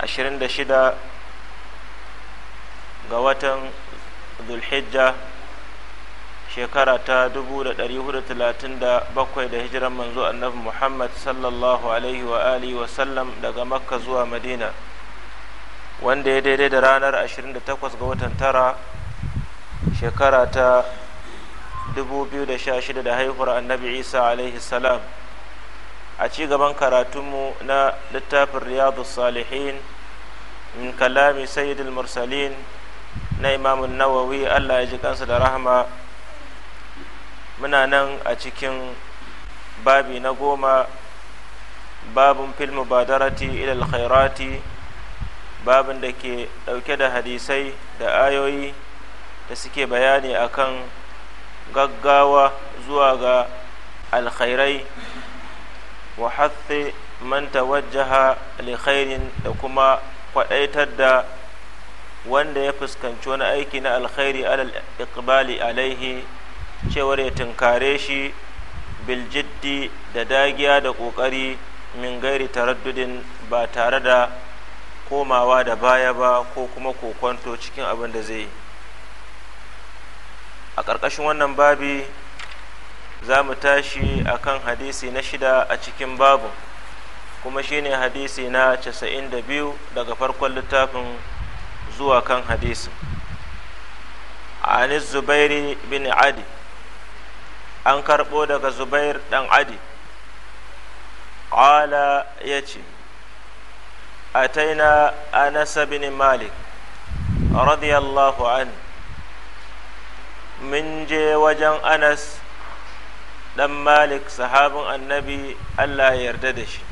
26 ga watan zulhijja shekara ta 437 da hijiran manzo annabi muhammad sallallahu alaihi wa alihi wasallam daga makka zuwa madina wanda ya daidai da ranar 28 ga watan tara shekara ta 2016 da haihuwar annabi isa alaihi salam a ci gaban karatunmu na littafin riyadu salihin min kalami sayyidul mursalin na imamun nawawi allah ya ji kansa da rahama muna nan a cikin babi na goma babin filmu badarati ilal khairati babin da ke dauke da hadisai da ayoyi da suke bayani akan gaggawa zuwa ga alkhairai wa hatsi man tawajjaha li khairin da kuma kwadaitar da wanda ya fuskanci wani aiki na alkhairi alal iqbali alaihi cewar ya tunkare shi biljiddi da dagiya da kokari min gairi taraddudin ba tare da komawa da baya ba ko kuma kokonto cikin abin da zai yi a ƙarƙashin wannan babi za mu tashi a kan hadisi na shida a cikin babu kuma shine hadisi na casa'in da biyu daga farkon littafin zuwa kan hadisi anis zubairi bin adi an karɓo daga zubair dan adi ƙala ya ce A ataina anasa bin malik radiyallahu an min je wajen anas dan malik sahabin annabi allah ya yarda da shi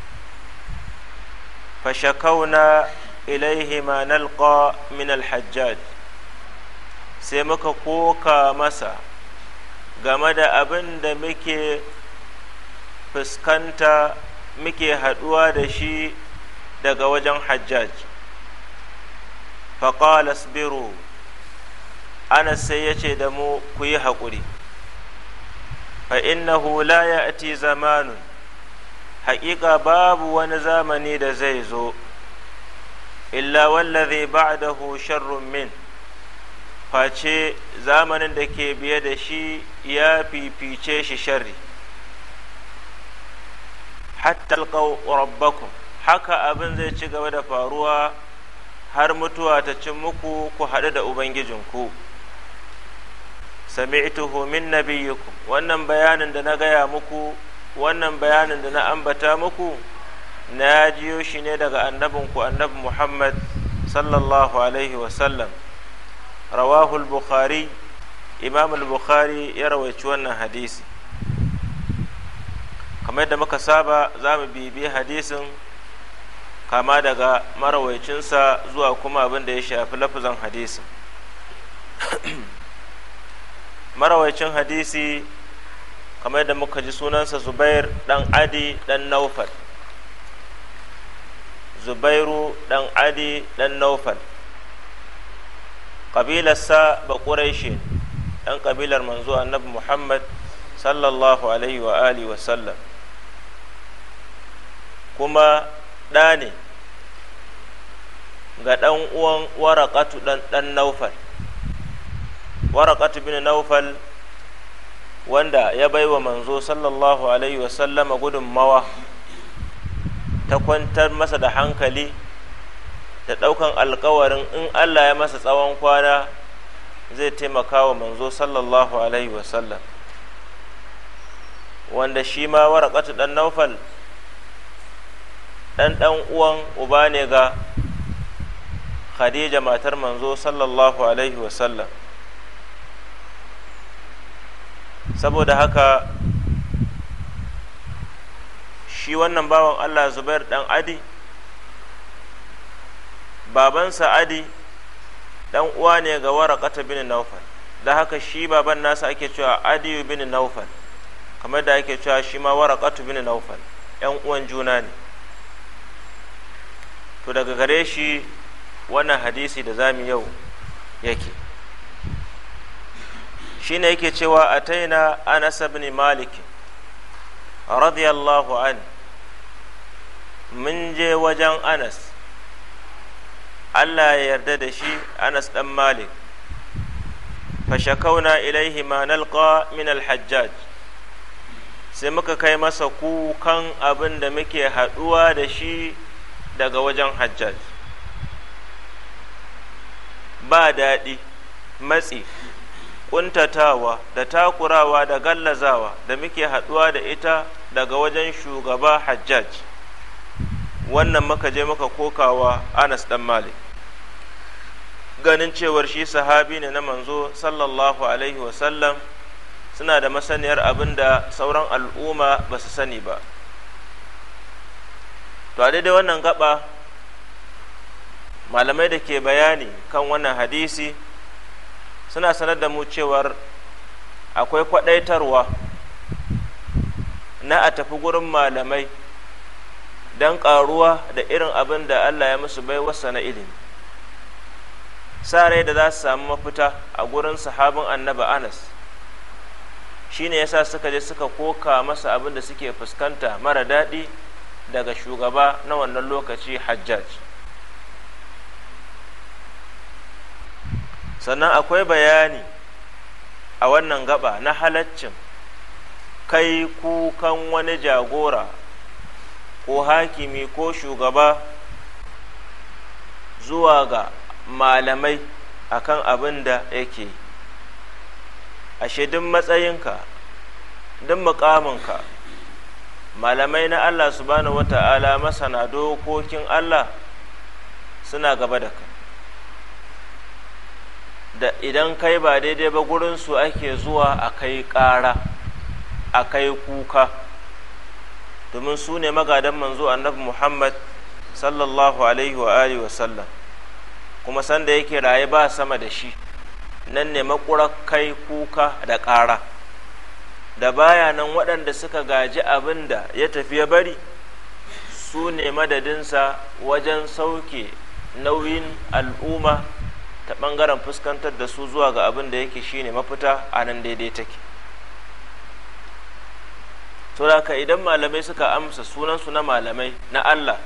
fashakauna ilaihi ma nalqa min alhajjaj sai muka koka masa game da abin da muke fuskanta muke haɗuwa da shi daga wajen hajjaj faƙalas biro anas sai ya da mu ku yi haƙuri fa innahu la ya'ti zamanun haƙiƙa babu wani zamani da zai zo illa wallazi ba'dahu sharrun min face zamanin da ke biye da shi ya fifice shi sharri hatta alqaw rabbakum haka abin zai ci gaba da faruwa har mutuwa ta cin muku ku haɗu da ubangijinku sami'tuhu min nabiyyikum wannan bayanin da na gaya muku wannan bayanin da na ambata muku na jiyo shi ne daga annabinku annabi Muhammad sallallahu alaihi wasallam rawahu bukhari imam al-bukhari ya rawaici wannan hadisi kamar da muka saba za mu bibi hadisin kama daga marawaicinsa zuwa kuma abin da ya shafi lafazan hadisin marawacin hadisi kamar da muka ji sunansa zubair dan adi dan naufal zubairu dan adi dan naufal ƙabilarsa ba ƙuraishe ɗan ƙabilar manzo annabi muhammad sallallahu alaihi wa alihi wa sallam kuma ɗa ga ɗan uwan waraƙatu ɗan naufal warakatu bin naufal wanda ya bai wa manzo sallallahu alaihi wasallama gudunmawa ta kwantar masa da hankali da ɗaukan alkawarin in allah ya masa tsawon kwana zai taimaka wa manzo sallallahu alaihi wasallam wanda shi ma warakatu ɗan naufal ɗan ɗan uwan uba ne ga khadija matar manzo sallallahu alaihi wasallam saboda haka shi wannan bawan Allah Zubair dan Adi babansa Adi dan uwa ne ga waraƙata bin Naufal da haka shi baban nasa ake cewa Adi bin Naufal kamar da ake cewa shi ma waraƙatu bin Naufal yan uwan juna ne to daga gare shi wannan hadisi da zamu yau yake Shi ne yake cewa a ataina anas ibn malik radiyallahu an mun je wajen anas Allah ya yarda da shi anas dan malik fashakauna ilaihi ma nalqa min alhajjaj sai muka kai masa kukan abin da muke haɗuwa da shi daga wajen hajjaj ba daɗi matsi ƙuntatawa da takurawa da gallazawa da muke haɗuwa da ita daga wajen shugaba hajjaj wannan muka je muka kokawa anas Dan malik ganin cewar shi sahabi ne na manzo sallallahu alaihi wasallam suna da masaniyar abin da sauran al'umma ba su sani ba to a daidai wannan gaba malamai da ke bayani kan wannan hadisi suna sanar da mu cewar akwai kwadaitarwa na a tafi gurin malamai don karuwa da irin abin da Allah ya musu bai wasa na ilimi Sa rai da za su samu mafita a gurin sahabin annaba anas shine yasa suka je suka koka masa abin da suke fuskanta mara daɗi daga shugaba na wannan lokaci hajjaj sannan akwai bayani a wannan gaba na halaccin kai kukan wani jagora ko hakimi ko shugaba zuwa ga malamai akan abin da yake ashe duk matsayinka duk mukaminka malamai na Allah subhanahu wata'ala masana dokokin Allah suna gaba da ka da idan kai ba daidai ba su ake zuwa a kai ƙara a kai kuka domin su ne magadan manzo annabi muhammad sallallahu alaihi wa alihi wa sallam kuma sanda yake raye ba sama da shi nan ne makura kai kuka da ƙara da baya nan waɗanda suka gaji abin da ya tafi ya bari su ne madadinsa wajen sauke nauyin al'umma ta ɓangaren fuskantar da su zuwa ga abin da yake shine mafita a nan daidai take to haka idan malamai suka amsa sunansu na malamai na Allah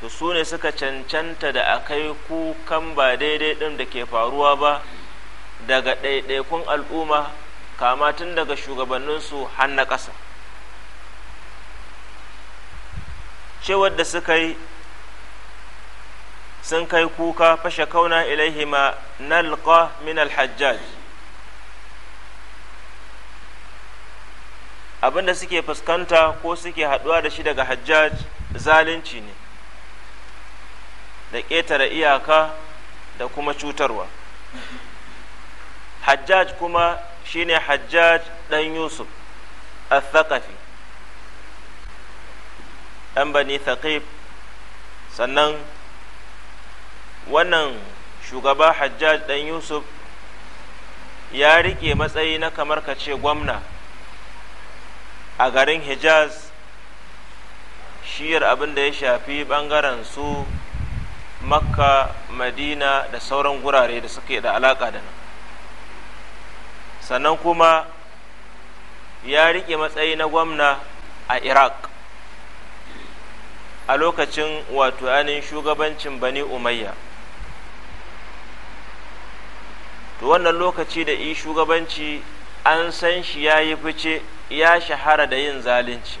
to su ne suka cancanta da akai kukan ba daidai ɗin da ke faruwa ba daga ɗaiɗaikun al'umma kama tun daga shugabanninsu har na ƙasa cewar da suka yi sun kai kuka fashe kauna ilaihima nalqa min alhajjaj abinda suke fuskanta ko suke haduwa da shi daga hajjaj zalunci ne da ƙetare iyaka da kuma cutarwa hajjaj kuma shine hajjaj ɗan yusuf al-thaqafi ɗan bani thaqif sannan wannan shugaba hajjaj ɗan yusuf ya rike matsayi na kamar ka ce gwamna a garin hijaz shiyar abin da ya shafi ɓangaren su makka madina da sauran gurare da suke da alaƙa da nan sannan kuma ya rike matsayi na gwamna a iraq a lokacin wato ainihin shugabancin bani umayya to wannan lokaci da yi shugabanci an san shi ya yi fice ya shahara da yin zalunci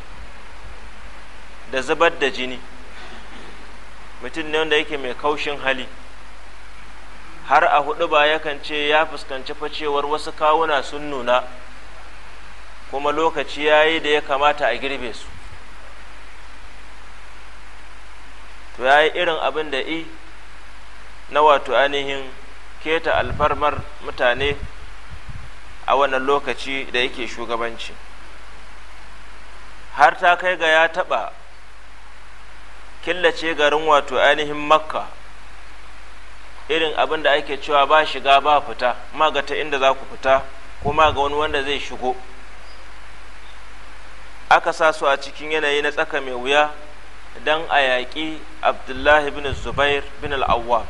da zubar da jini mutum ne wanda yake mai kaushin hali har a hudu ba yakan ce ya fuskanci facewar wasu kawuna sun nuna kuma lokaci ya yi da ya kamata a girbe su to ya yi irin abin da i na wato ainihin keta alfarmar mutane a wannan lokaci da yake shugabanci har ta kai ga ya taba killace garin wato ainihin makka irin abin da ake cewa ba shiga ba fita ma ga ta inda za ku fita kuma ga wani wanda zai shigo aka sa su a cikin yanayi na tsaka mai wuya don a yaƙi abdullahi bin zubair bin al'awwam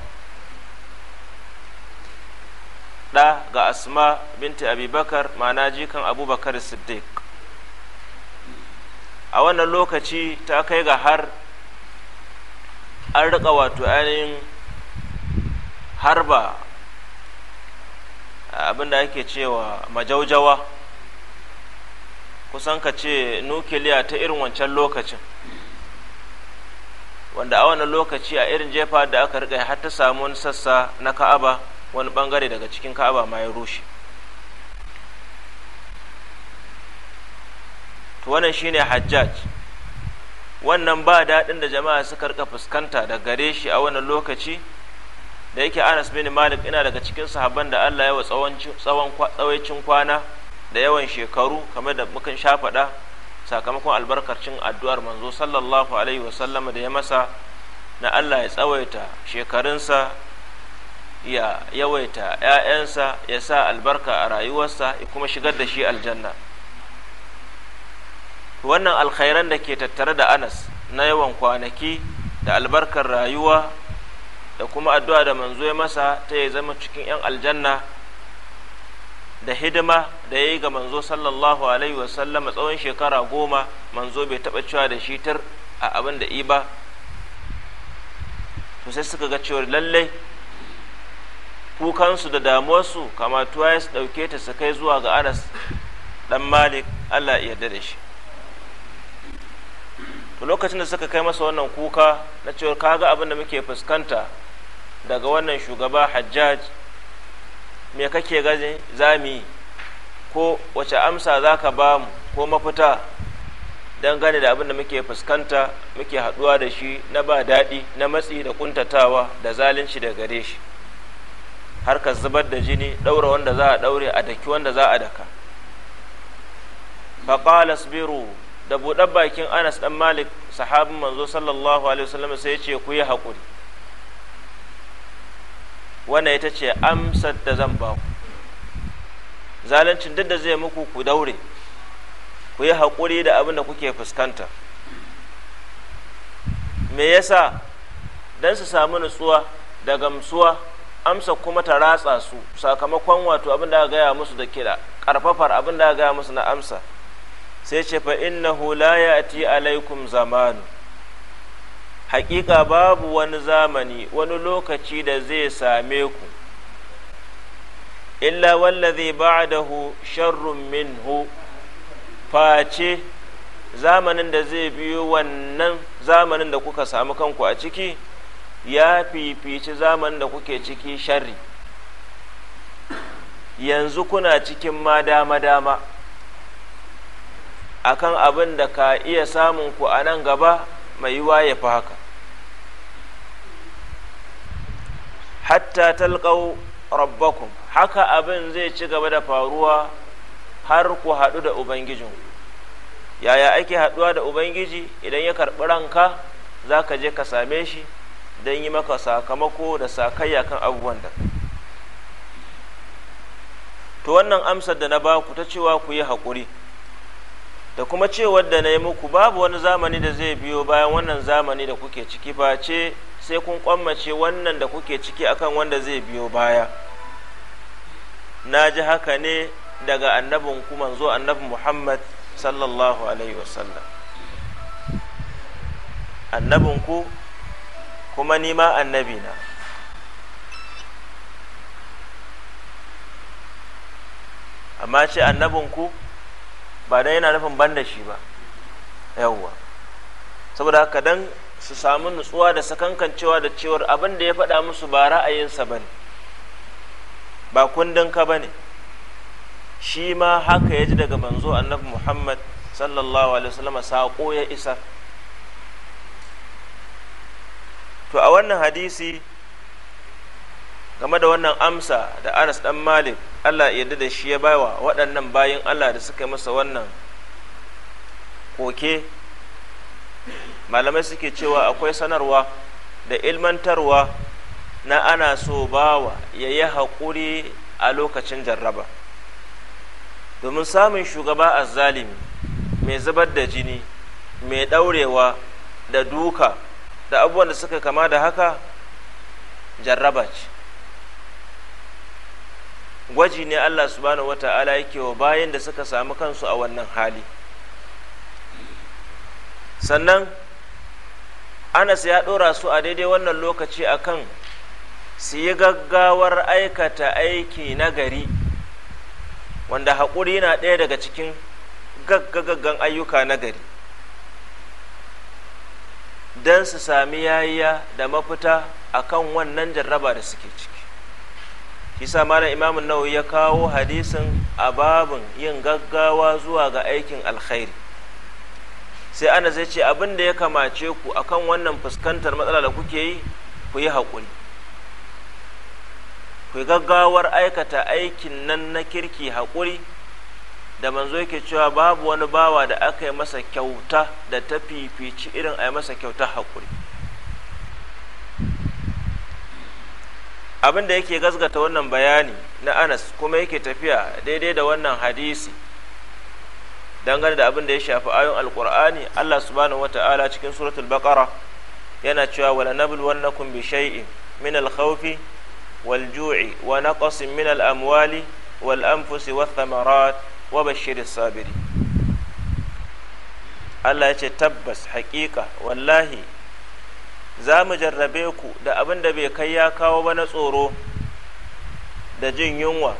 ɗa ga asma binti abubakar ma'ana jikan abubakar siddiq a wannan lokaci ta kai ga har an riƙa wato ainihin harba abinda ake cewa majaujawa kusan ka ce nukiliya ta irin wancan lokacin wanda a wannan lokaci a irin jefa da aka riƙa har ta samu sassa na ka'aba wani bangare daga cikin ka'aba ma ya rushe to wannan shine hajjaj wannan ba daɗin da jama'a suka rika fuskanta da gare shi a wannan lokaci da yake anas bin malik ina daga cikin sahabban da allah ya wa tsawaicin kwana da yawan shekaru kamar da mukan shafaɗa sakamakon albarkacin addu'ar manzo sallallahu alaihi wasallam da ya masa na allah ya tsawaita shekarunsa ya yawaita ‘ya'yansa ya sa albarka a rayuwarsa ya kuma shigar da shi aljanna wannan alkhairan da ke tattare da anas na yawan kwanaki da albarkar rayuwa da kuma addu'a da manzo ya masa ta ya zama cikin ‘yan aljanna da hidima da ya yi ga manzo sallallahu alaihi a tsawon shekara goma manzo bai taɓa cewa da shi tar a abin da iba sai suka ga cewar lallai kukansu da damuwarsu kamatuwa ya su ɗauke ta su kai zuwa ga aras ɗan malik allah ya da shi to lokacin da suka kai masa wannan kuka na cewa kaga abin da muke fuskanta daga wannan shugaba hajjaj me kake gani zami ko wace amsa za ka ba mu ko mafita dangane da abin da muke fuskanta muke haɗuwa da shi na ba daɗi na matsi da ƙuntatawa da zalunci da gare shi harkar zubar da jini ɗaura wanda za a daure a daki wanda za a daka faƙala sabiru da buɗar bakin anas ɗan malik sahabin manzo sallallahu alaihi wasallam sai ya ce ku yi haƙuri wannan ita ce amsar da zan ba ku zaluncin duk da zai muku ku daure ku yi haƙuri da abin da kuke fuskanta me yasa don su samu nutsuwa da gamsuwa amsa kuma ta ratsa su sakamakon wato abin da gaya musu da kira karfafar abin da gaya musu na amsa sai ce fa innahu la ya'ti alaikum zamanu hakika babu wani zamani wani lokaci da zai same ku illa wallazi ba'dahu sharrun minhu face zamanin da zai biyo wannan zamanin da kuka samu kanku a ciki ya fifici zaman da kuke ciki sharri yanzu kuna cikin ma dama-dama akan abin da ka iya samun ku a nan gaba mai yiwa ya fi haka hatta talqau rabbakum haka abin zai ci gaba da faruwa har ku haɗu da ubangijin yaya ake haɗuwa da ubangiji idan ya karɓi ranka za ka je ka same shi don yi maka sakamako da sakayya kan abubuwan da to wannan amsar da na ba ku ta cewa ku yi haƙuri da kuma cewar da na yi muku babu wani zamani da zai biyo bayan wannan zamani da kuke ciki face sai kun kwammace wannan da kuke ciki akan wanda zai biyo baya na ji haka ne daga annabin ku manzo annabi muhammad sallallahu alaihi wasallam annabin ku kuma nima annabi na amma ce annabinku ba dai yana nufin banda shi ba yawwa saboda haka dan su samu nutsuwa da sakankancewa da cewar abin da ya faɗa musu ba ra'ayinsa ba ne ba kundin ka ba ne shi ma haka ya ji daga manzo annabi muhammad sallallahu alaihi wasallam saƙo ya isa. to a wannan hadisi game da wannan amsa da anas dan malik allah yarda da shi ya bawa waɗannan bayan allah da suka yi masa wannan koke malamai suke cewa akwai sanarwa da ilmantarwa na ana so bawa ya yi haƙuri a lokacin jarraba domin samun shugaba a zalimi mai zubar da jini mai ɗaurewa da duka da abubuwan da suka kama da haka jarraba ce gwaji ne allah subhanahu wata'ala yake wa bayan da suka samu kansu a wannan hali sannan anas ya ɗora su a daidai wannan lokaci akan su yi gaggawar aikata aiki na gari wanda haƙuri na ɗaya daga cikin gaggagaggan ayyuka na gari don su sami yayiya da mafita akan wannan jarraba da suke ciki kisa malam imamun nawawi ya kawo hadisin a yin gaggawa zuwa ga aikin alkhairi sai ana zai ce abin da ya kamace ku akan wannan fuskantar matsala da kuke yi ku yi haƙuri ku gaggawar aikata aikin nan na kirki haƙuri da manzo yake cewa babu wani bawa da aka yi masa kyauta da ta fifici irin a yi masa kyauta haƙuri abin da yake gasgata wannan bayani na anas kuma yake tafiya daidai da wannan hadisi dangane da abin da ya shafi ayon alkur'ani allah subhanahu wata'ala cikin suratul baqara yana cewa wala wannakum bi shay'in min al-khawfi wal ju'i wa naqsin min al-amwali wal anfusi wath thamarat wa bashirin sabiri Allah ya ce tabbas haƙiƙa wallahi za mu jarrabe ku da abin da bai kai ya kawo ba na tsoro da jin yunwa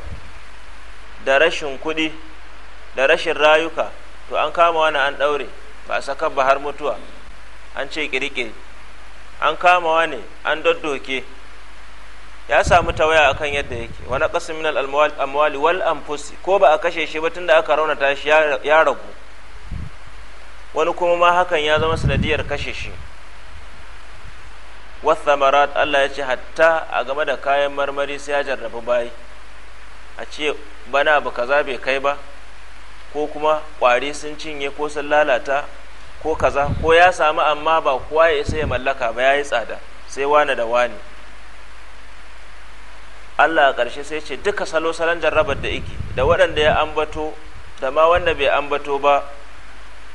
da rashin kuɗi da rashin rayuka to an kama wani an daure ba a saka ba har mutuwa an ce ƙirƙiri an kama wani an doddoke ya samu tawaya akan yadda yake wani ƙasa minal amwali wal amfusi ko ba a kashe shi ba tunda aka raunata shi ya ragu wani kuma ma hakan ya zama sanadiyar kashe shi wathamarat Allah ya ce hatta a game da kayan marmari sai ya jarrabu bayi a ce bana ba kaza bai kai ba ko kuma kwari sun cinye ko sun lalata ko kaza ko ya samu amma ba kowa ya isa ya mallaka ba ya yi tsada sai wane da wani Allah a ƙarshe sai ce duka salo salon jarrabar da iki da waɗanda ya ambato da ma wanda bai ambato ba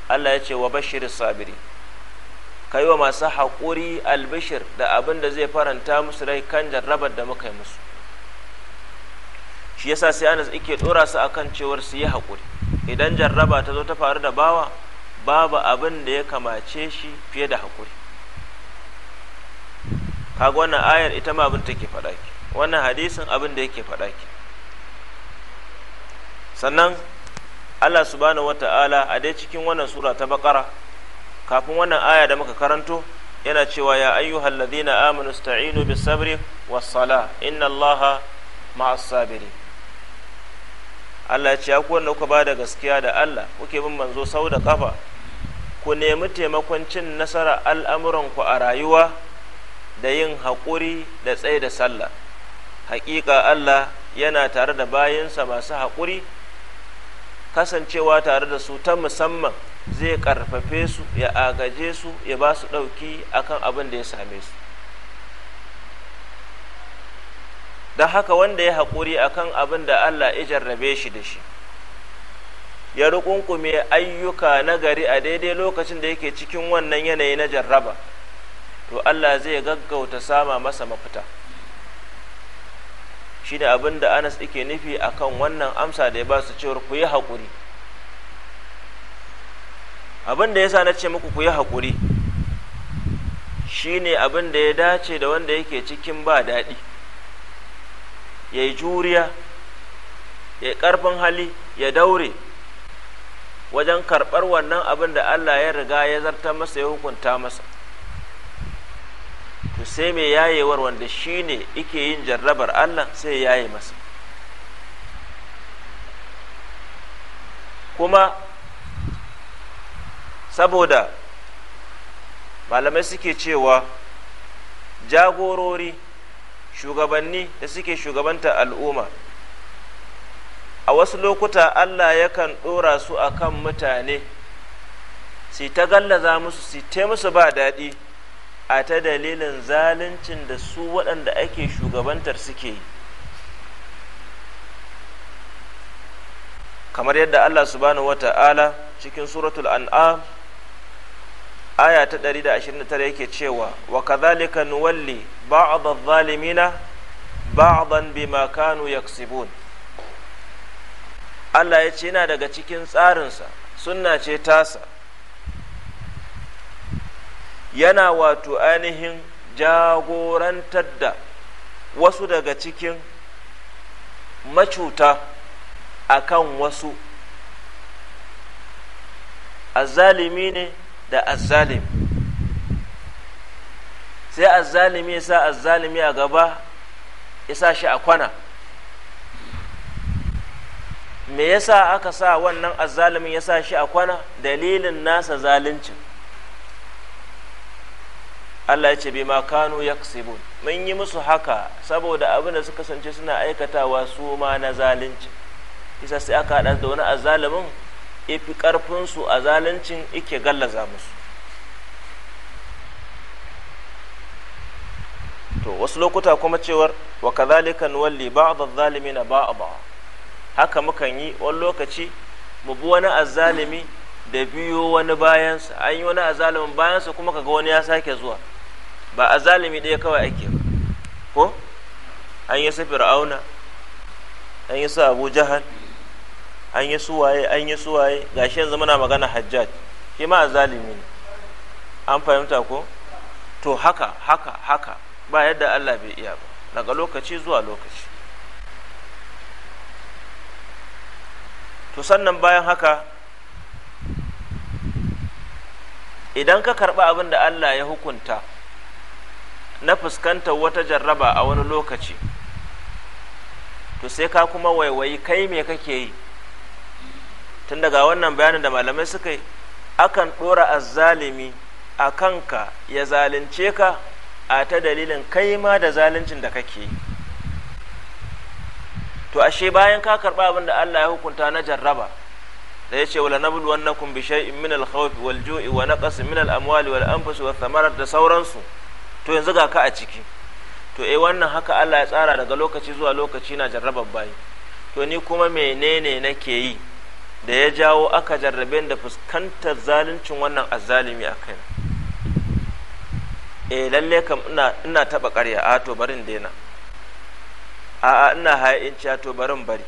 Allah ya ce wa bashirin sabiri ka yi wa masu haƙuri albishir da abin da zai faranta musu rai kan jarrabar da muka yi musu shi yasa sai anas ike ɗora su a kan cewar su yi haƙuri idan jarraba ta zo ta faru da bawa babu abin da ya kamace shi fiye da haƙuri kaga wannan ayar ita ma abin take faɗa wannan hadisin abin da yake faɗa ke sannan Allah subhanahu wata'ala a dai cikin wannan sura ta bakara kafin wannan aya da muka karanto yana cewa ya ayyuhal ladina amanu sta'inu bis sabri was sala inna allaha ma'as sabiri Allah ya ce ya ku bada gaskiya da Allah kuke bin manzo sau da kafa ku nemi taimakon cin nasara al'amuranku a rayuwa da yin haƙuri da tsaye da sallah haƙiƙa Allah yana tare da bayansa masu haƙuri kasancewa tare da su ta musamman zai ƙarfafe su ya agaje su ya ba su ɗauki akan abin da ya same su don haka wanda ya haƙuri akan abin da Allah ya jarrabe shi da shi ya rukunkume ayyuka nagari a daidai lokacin da yake cikin wannan yanayi na jarraba to Allah zai gaggauta sama masa mafita shi da abin da anas yake nufi akan wannan amsa da ya ba su cewar ku yi haƙuri abin da ya sa na ce muku ku yi haƙuri shi ne abin da ya dace da wanda yake cikin ba daɗi ya yi juriya ya yi ƙarfin hali ya daure wajen karɓar wannan abin da allah ya riga ya zarta masa ya hukunta masa sai mai yayewar wanda shi ne ike yin jarrabar allah sai yaye masa kuma saboda malamai suke cewa jagorori shugabanni da suke shugabanta al'umma a wasu lokuta allah yakan ɗora su akan mutane su ta gallaza musu su ta musu ba daɗi a ta dalilin zaluncin da su waɗanda ake shugabantar suke yi kamar yadda Allah subhanahu wata'ala cikin suratul an'am aya ta 129 yake cewa wa kadhalika nuwalli ba'd adh-dhalimina ba'dan bima kanu yaksibun Allah ya ce yana daga cikin tsarinsa sunna ce tasa yana wato ainihin jagorantar da wasu daga cikin macuta a kan wasu azzalimi ne da azzalimi sai azzalimi ya sa azzalimi a gaba ya sa shi a kwana me yasa aka sa wannan azzalimin ya sa shi a kwana dalilin nasa zaluncin Allah ya ce bai ma kano ya mun yi musu haka saboda abin da suka kasance suna aikatawa su ma na zalunci isa sai aka haɗa da wani azalimin ifi ƙarfinsu a zaluncin ike gallaza musu to wasu lokuta kuma cewar wa kadhalika nuwalli ba'd adh-dhalimina haka mukan yi wani lokaci mu bi wani azalimi da biyo wani bayansa an yi wani azalimin bayansa kuma kaga wani ya sake zuwa ba a zalimi ɗaya kawai ake ba ko an yi su fir'auna an yi su abu an yi suwaye an yi suwaye shi yanzu muna magana hajjaj shi ma a zalimi ne an fahimta ko to haka haka haka ba yadda allah bai iya ba daga lokaci zuwa lokaci to sannan bayan haka idan ka karɓa abin da allah ya hukunta na fuskantar wata jarraba a wani lokaci to sai ka kuma waiwayi kai me kake yi tun daga wannan bayanin da malamai suka yi akan ɗora azzalimi a kanka ya zalunce ka a ta dalilin kai ma da zaluncin da kake yi to ashe bayan ka karɓi abin da Allah ya hukunta na jarraba da ya ce wala nabul wannakum bi shay'in min al wal ju'i wa naqas min al-amwali wal anfus wa thamarat da sauransu to yanzu ga ka a ciki to eh wannan haka Allah ya tsara daga lokaci zuwa lokaci na jarrabar bayi to ni kuma menene nake yi da ya jawo aka jarrabe da fuskantar zaluncin wannan azzalimi a kai eh lalle kam ina ina taba ƙarya a to barin daina a a ina ha'inci to barin bari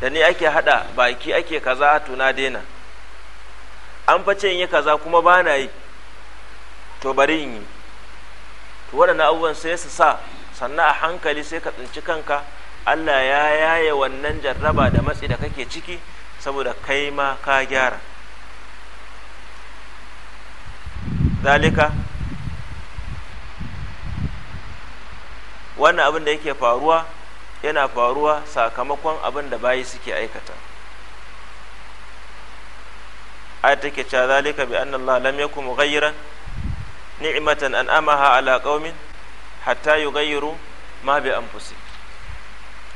da ni ake hada baki ake kaza to na daina an ce in yi kaza kuma ba na yi to bari in yi to waɗannan abubuwan sai su sa sannan a hankali sai ka tsinci kanka Allah ya yaye wannan jarraba da matsi da kake ciki saboda kai ma ka gyara zalika wannan abin da yake faruwa yana faruwa sakamakon abin da bayi suke aikata ayat take cha zalika bi anna Allah lam yakum ghayran ni'matan an'amaha ala qaumin hatta yughayyiru ma bi anfusih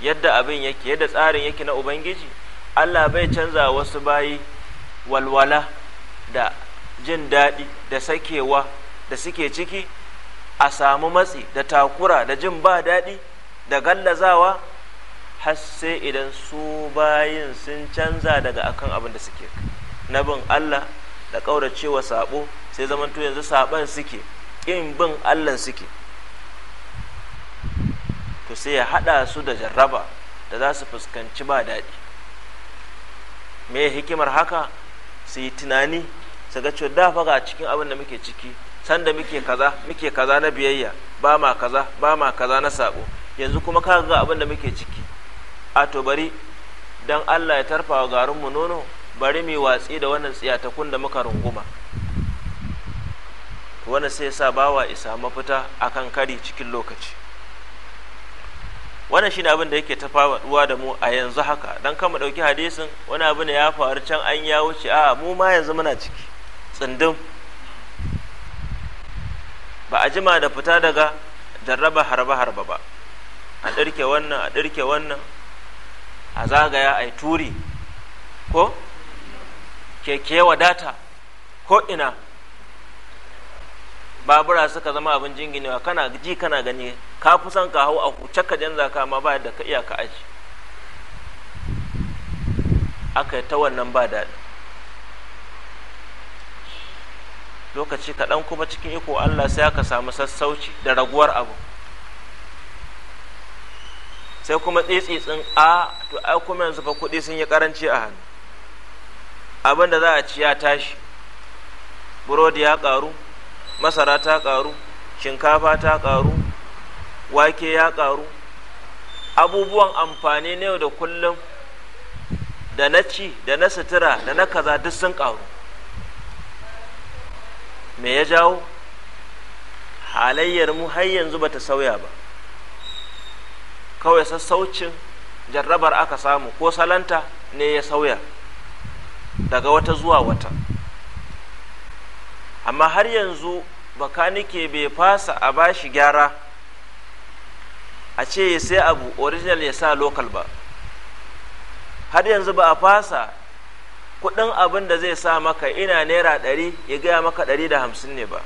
yadda abin yake yadda tsarin yake na ubangiji Allah bai canza wasu bayi walwala da jin daɗi da sakewa da suke ciki a samu matsi da takura da jin ba daɗi da gallazawa har sai idan su bayin sun canza daga akan abin da suke na bin Allah da ƙauracewa saɓo sai zamanto yanzu saban suke ƙin bin allan suke to sai ya haɗa su da jarraba da za su fuskanci ba daɗi me hikimar haka su yi tunani su ga cewa da faga cikin abin da muke ciki sanda muke kaza muke kaza na biyayya ba ma kaza ba ma kaza na sabo yanzu kuma ka ga abin da muke ciki a to bari dan Allah ya tarfa wa garinmu nono bari mu watsi da wannan tsiyatakun da muka runguma wanda sai sa bawa isa mafita akan kari cikin lokaci wannan shine abin da yake ta faɗuwa da mu a yanzu haka dan kama ɗauki hadisin wani abu ne ya faru can an ya wuce a mu ma yanzu muna ciki tsindin ba a jima da fita daga jarraba harba harba ba a ɗirke wannan a ɗirke wannan a zagaya a turi ko keke wadata ko ina babura suka zama abin jinginewa kana ji kana gani ka fi son ka hau a huce ka janza ka ma ba da ka iya ka aji aka yi ta wannan ba daɗi lokaci kaɗan kuma cikin iko allah sai aka samu sassauci da raguwar abu sai kuma tsitsitsin a to ai kuma yanzu fa kuɗi sun yi karanci a hannu abin da za a ci ya tashi burodi ya ƙaru masara ta ƙaru shinkafa ta ƙaru wake ya ƙaru abubuwan amfani na yau da kullum da na ci da na sutura da na kaza duk sun ƙaru me ya jawo halayyar mu har yanzu bata sauya ba kawai sassaucin jarrabar aka samu ko salanta ne ya sauya daga wata zuwa wata amma har yanzu bakanike bai fasa a bashi gyara a ce ya sai abu original ya sa local ba har yanzu ba a fasa kudin abin da zai sa maka ina naira ɗari ya gaya maka ɗari da hamsin ne ba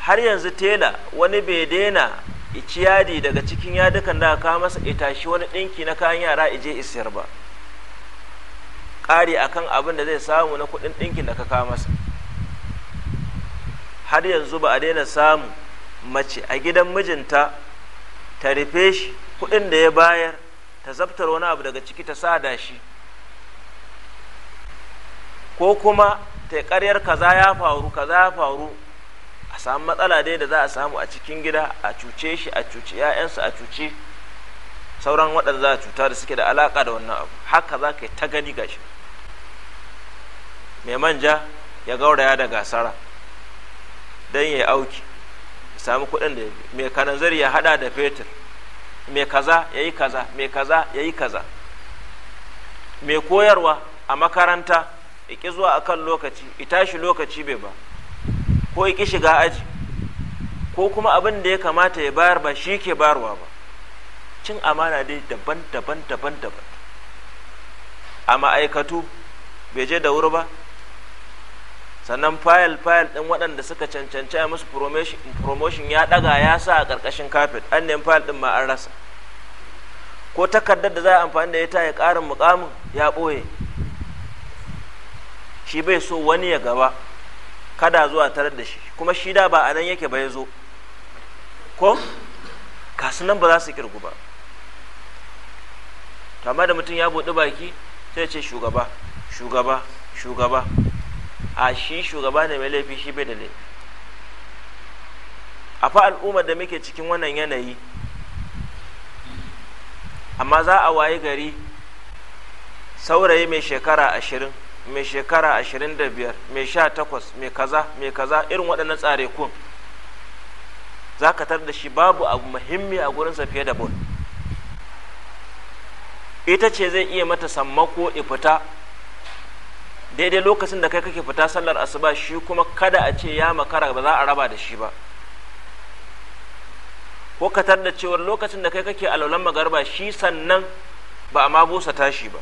har yanzu tela wani bai daina iciyadi daga cikin yadukan da ka masa itashi wani ɗinki na kayan yara ije isiyar ba ƙari kan abin da zai samu na kuɗin ɗinkin da ka kawo masa har yanzu ba a daina samu mace a gidan mijinta ta rufe shi kuɗin da ya bayar ta zabtar wani abu daga ciki ta sa da shi ko kuma ta ƙaryar kaza ya faru kaza ya faru a samu matsala dai da za a samu a cikin gida a cuce shi a cuci 'ya'yansa a cuci sauran waɗanda za a cuta da suke da alaka da wannan abu haka za ka yi ta gani gashi mai manja ya gauraya da gasara don ya auki sami kuɗin da mai kananzir ya hada da fetur mai kaza ya yi kaza mai kaza ya yi kaza mai koyarwa a makaranta ƙi zuwa akan lokaci itashi lokaci bai ba ko ƙi shiga aji ko kuma abin da ya kamata ya bayar ba shi ke bayarwa ba cin amana dai daban daban daban daban a ma'aikatu bai je da wuri ba sannan fayil fayil ɗin waɗanda suka cancanci a musu promotion ya ɗaga ya sa a ƙarƙashin kafet an nemi fayil ɗin ma an rasa ko takardar da za a amfani da ita ya ƙarin muƙamin, ya ɓoye shi bai so wani ya gaba kada zuwa tarar da shi kuma shi da ba a nan yake bai zo ko kasu nan ba za su kirgu ba amma da mutum ya buɗi baki sai ce shugaba shugaba shugaba a shi shugaba ne mai laifi shi bai da laifi a fa al'ummar da muke cikin wannan yanayi amma za a waye gari saurayi mai shekara ashirin mai shekara ashirin da biyar mai sha takwas mai kaza mai kaza irin waɗannan tsare kun za ka tar da shi babu abu muhimmi a gurinsa fiye da bol ita ce zai iya mata sammako ifita daidai lokacin da kai kake fita sallar asuba shi kuma kada a ce ya makara ba za a raba da shi ba ko katar da cewar lokacin da kai kake alaulan magarba shi sannan ba a ma busa tashi ba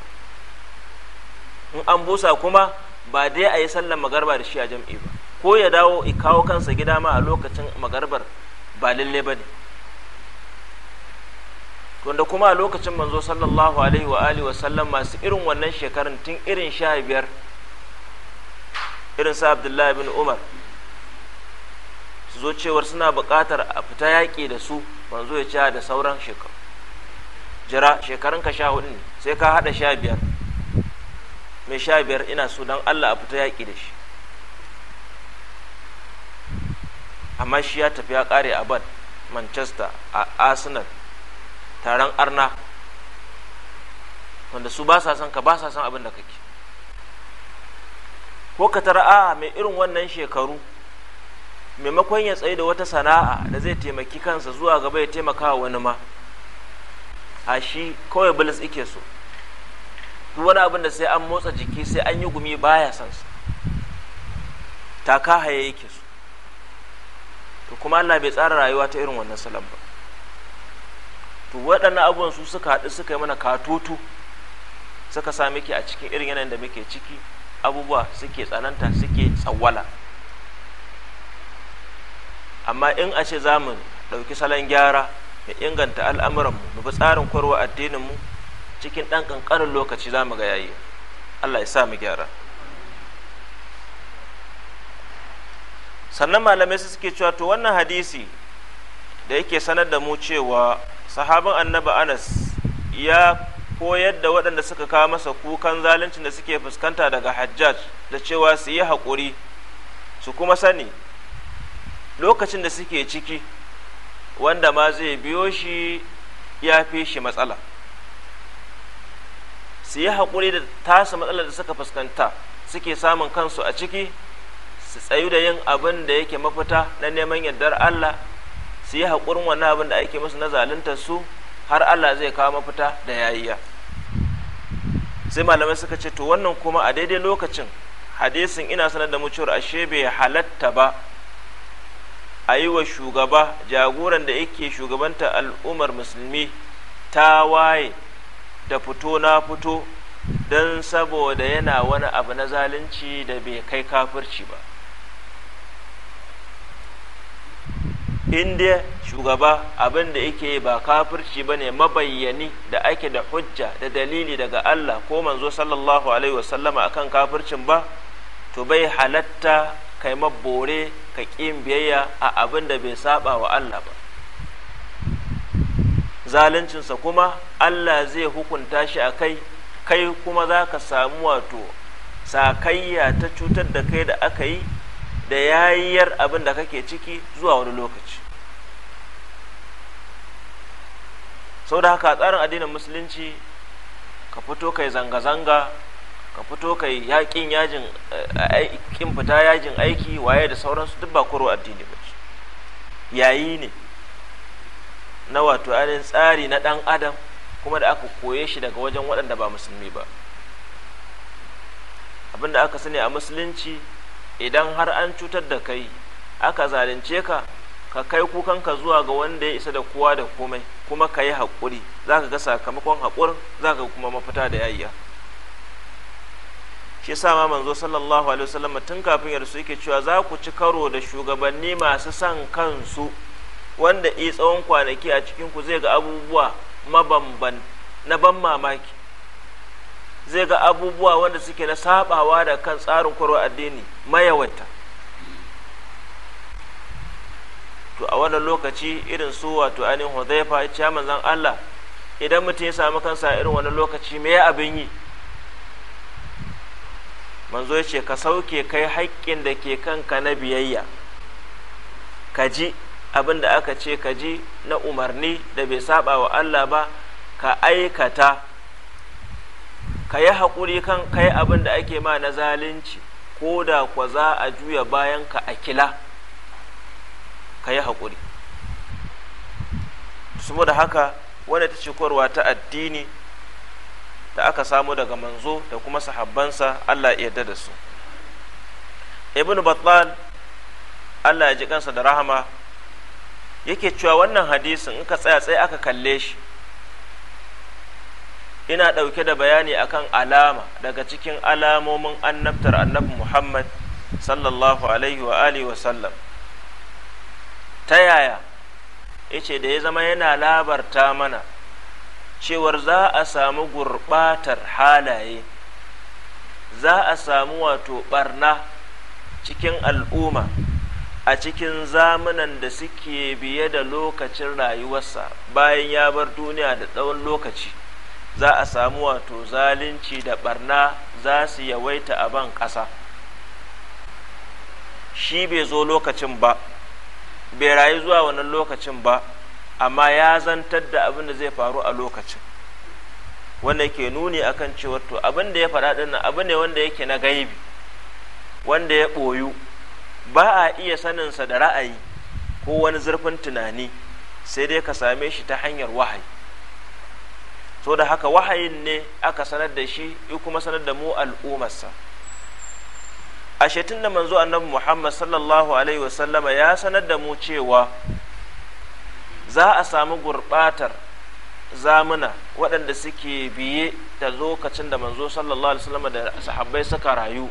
in an busa kuma ba dai a yi sallar magarba da shi a jam'i ba ko ya dawo i kawo kansa gida ma a lokacin magarbar ba lalle ba ne wanda kuma a lokacin manzo sallallahu alaihi wa alihi wa sallam masu irin wannan shekarun tun irin sha biyar irin sa abdullahi bin umar su zo cewar suna buƙatar a fita yaƙi da su manzo ya cewa da sauran shekaru jira shekarun ka sha hudu ne sai ka haɗa sha biyar mai sha biyar ina so don allah a fita yaƙi da shi amma shi ya tafi ya ƙare a bad manchester a arsenal taron arna wanda su ba sa son ka ba sa son abin da kake ko ka tara a ah, mai irin wannan shekaru maimakon ya tsaye da wata sana'a da zai taimaki kansa zuwa gaba ya taimaka wa wani ma a shi kawai bilis ike so duk wani abin da sai an motsa jiki sai an yi gumi baya san su taka haye yake so to kuma Allah bai tsara rayuwa ta irin wannan salon ba to waɗannan abubuwan su suka haɗu suka yi mana katutu suka sami muke a cikin irin yanayin da muke ciki abubuwa suke tsananta suke tsawwala amma in a ce za mu ɗauki salon gyara mu inganta al'amuran mu bi tsarin kwarwa addininmu cikin ɗan ƙanƙanin lokaci za mu ga yayi allah ya sa mu gyara sannan malamai su suke cewa to wannan hadisi da yake sanar da mu cewa sahabin annabi anas ya ko yadda waɗanda suka kawo masa kukan zaluncin da suke fuskanta daga hajjaj da cewa su yi haƙuri su kuma sani lokacin da suke ciki wanda ma zai biyo shi ya fi shi matsala su yi haƙuri da tasa matsalar da suka fuskanta suke samun kansu a ciki su tsayu da yin abin da yake mafita na neman yardar Allah su yi haƙurin wani abin da ake musu na zaluntar su har Allah zai kawo mafita da yayiya sai malamai suka ce to wannan kuma a daidai lokacin hadisin ina sanar da mu cewar ashe bai halatta ba a yi wa shugaba jagoran da yake shugabanta al'ummar musulmi ta waye da fito na fito don saboda yana wani abu na zalunci da bai kai kafirci ba inda shugaba abin da yake yi ba kafirci ne mabayyani da ake da hujja da dalili daga Allah ko manzo sallallahu alaihi wasallama akan kafircin ba to bai halatta kai mabore ka kin biyayya a abin da bai saba wa Allah ba zaluncinsa kuma Allah zai hukunta shi a kai kai kuma za ka samu wato sakayya ta cutar da kai da aka yi da yayyar abin da kake ciki zuwa wani lokaci sau da haka tsarin addinin musulunci ka fito kai zanga-zanga ka fito kai yakin yajin aikin eh, eh, fita yajin aiki waye da sauransu duk ba koro addini ba yayi ne na wato ainihin tsari na ɗan adam kuma da aka koye shi daga wajen waɗanda ba musulmi ba abinda aka sani a musulunci idan har an cutar da kai aka zalunce ka ka kai kukanka zuwa ga wanda ya isa da kowa da komai kuma ka yi haƙuri za ka ga sakamakon haƙurin za ka kuma mafita da yayya shi sa ma manzo sallallahu alaihi wasallam tun kafin yarsu yake cewa za ku ci karo da shugabanni masu san kansu wanda i tsawon kwanaki a cikin ku zai ga abubuwa mabamban na ban mamaki zai ga abubuwa wanda suke na sabawa da kan tsarin kwarwa addini mayawanta to a wannan lokaci irin su wato anin hudhaifa ya manzon Allah idan mutum ya samu kansa a irin wannan lokaci me ya abin yi manzo ya ce ka sauke kai haƙƙin da ke kanka na biyayya ka ji abin da aka ce ka ji na umarni da bai saba wa Allah ba ka aikata ka yi haƙuri kan kai abin da ake ma na zalunci ko da kwa za a juya bayan ka a kila ka yi haƙuri saboda haka wanda ta ce korwa ta addini da aka samu daga manzo da kuma sahabbansa Allah ya yarda da su ibn batlan Allah ya ji kansa da rahama yake cewa wannan hadisin in ka tsaya tsaye aka kalle shi ina ɗauke da bayani akan alama daga cikin alamomin annabtar annabi muhammad sallallahu alaihi wa alihi wa sallam ta yaya yace da ya zama yana labarta mana cewar za a samu gurɓatar halaye za a samu wato ɓarna cikin al'umma a cikin zamunan da suke biye da lokacin rayuwarsa bayan ya bar duniya da tsawon lokaci za a samu wato zalunci da barna za su yawaita a ban ƙasa shi bai zo lokacin ba bai rayu zuwa wannan lokacin ba amma ya zantar da abin da zai faru a lokacin wanda ke nuni akan cewar to abin da ya faɗa ɗin abu ne wanda yake na gaibi wanda ya ɓoyu ba a iya saninsa da ra'ayi ko wani zurfin tunani sai dai ka same shi ta hanyar wahayi so da haka wahayin ne aka sanar da shi ya kuma sanar da mu al'umarsa a shetun da manzo annabi muhammad sallallahu alaihi wasallama ya sanar da mu cewa za a samu gurbatar zamuna waɗanda suke biye da lokacin da manzo sallallahu alaihi wasallama da sahabbai suka rayu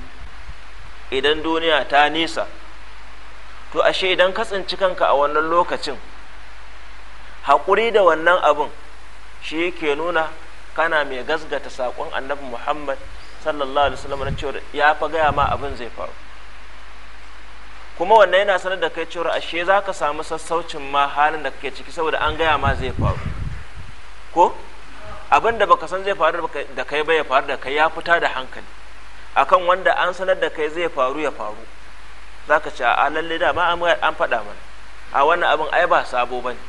idan duniya ta nisa to ashe idan ka tsinci kanka a wannan lokacin haƙuri da wannan abin shi yake nuna kana mai gasgata saƙon annabi muhammad sallallahu alaihi wasallam na cewa ya fa gaya ma abin zai faru kuma wannan yana sanar da kai cewa ashe za ka samu sassaucin ma halin da kake ciki saboda an gaya ma zai faru ko abin da baka san zai faru da kai ba ya faru da kai ya fita da hankali akan wanda an sanar da kai zai faru ya faru za ka ce a lalle da ma an faɗa mana a wannan abin ai ba sabo bane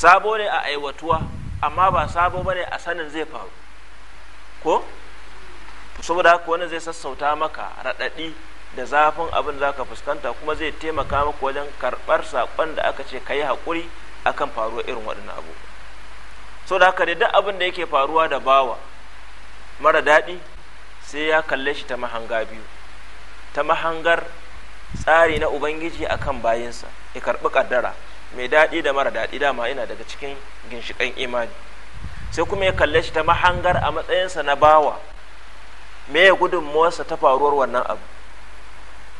sabo ne a aiwatuwa amma ba sabo ba ne a sanin zai faru ko saboda haka wani zai sassauta maka raɗaɗi da zafin abin za ka fuskanta kuma zai taimaka maka wajen karɓar saƙon da aka ce ka yi haƙuri akan faruwa irin waɗannan abu saboda haka dai duk abin da yake faruwa da bawa mara daɗi sai ya kalle shi ta mahanga biyu ta mahangar tsari na ubangiji akan bayinsa ya karɓi ƙaddara mai daɗi da mara daɗi dama yana daga cikin ginshiƙan imani sai kuma ya kalle shi ta mahangar a matsayinsa na bawa me ya gudun mawarsa ta faruwar wannan abu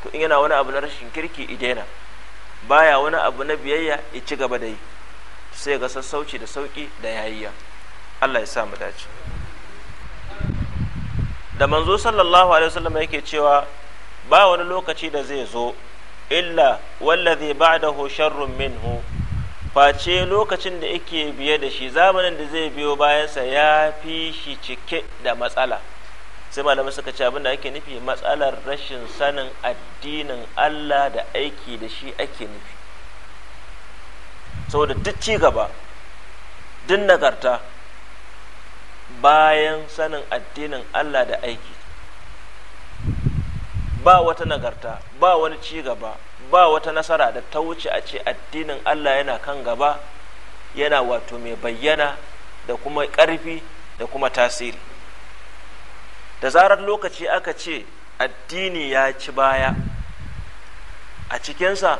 to in yana wani abu na rashin kirki idena baya wani abu na biyayya ya ci gaba da yi sai ga sassauci da sauƙi da yayiya Allah ya sa mu dace da manzo sallallahu alaihi wasallam yake cewa ba wani lokaci da zai zo illa wallazi ba'dahu sharrun minhu face lokacin da yake biye da shi zamanin da zai biyo bayansa ya fi shi cike da matsala sai malamai suka ce abin ake nufi matsalar rashin sanin addinin Allah da aiki da shi ake nufi saboda duk ci gaba duk nagarta bayan sanin addinin Allah da aiki ba wata nagarta ba wani ci gaba ba wata nasara da ta wuce a ce addinin Allah yana kan gaba yana wato mai bayyana da kuma ƙarfi da kuma tasiri da zarar lokaci aka ce addini ya ci baya a cikinsa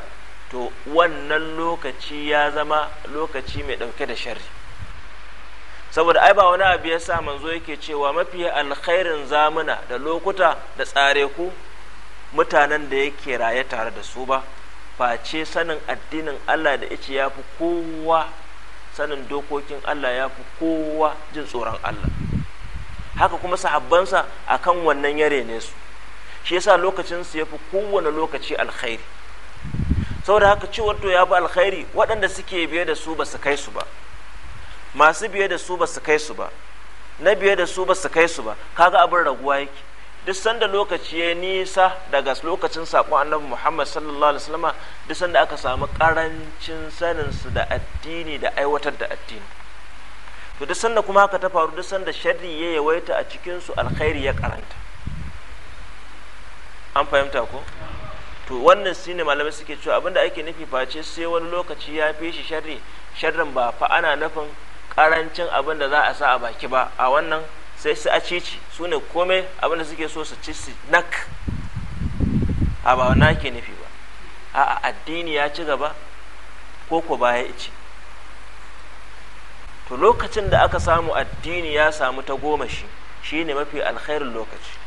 to wannan lokaci ya zama lokaci mai ɗauke da sharri saboda ai ba wani abu ya sa manzo yake cewa mafi alkhairin zamuna da lokuta da tsare ku mutanen da yake raye tare da su ba face sanin addinin Allah da ice ya fi kowa sanin dokokin Allah ya fi kowa jin tsoron Allah haka kuma sahabbansa akan wannan yare ne su shi yasa lokacinsu su fi kowane lokaci alkhairi saboda haka ciwon to ya fi alkhairi waɗanda suke biye da su ba su kai su ba masu biye da su ba su kai su ba na biye da su ba su kai su ba kaga abin raguwa yake duk sanda lokaci ya nisa daga lokacin saƙon annabi muhammad sallallahu alaihi wasallam duk sanda aka samu ƙarancin saninsu da addini da aiwatar da addini to duk sanda kuma haka ta faru duk sanda sharri ya yawaita a cikinsu alkhairi ya karanta an fahimta ko to wannan shi ne malamai suke cewa abinda ake nufi face sai wani lokaci ya fi shi sharri sharrin ba fa ana nufin karancin abin da za a sa a baki ba a wannan sai su a cici su ne komai abinda suke so su ci su nak a ba na ke nufi ba a addini ya ci gaba ko ko baya ici to lokacin da aka samu addini ya samu ta goma shi shi ne mafi alkhairin lokaci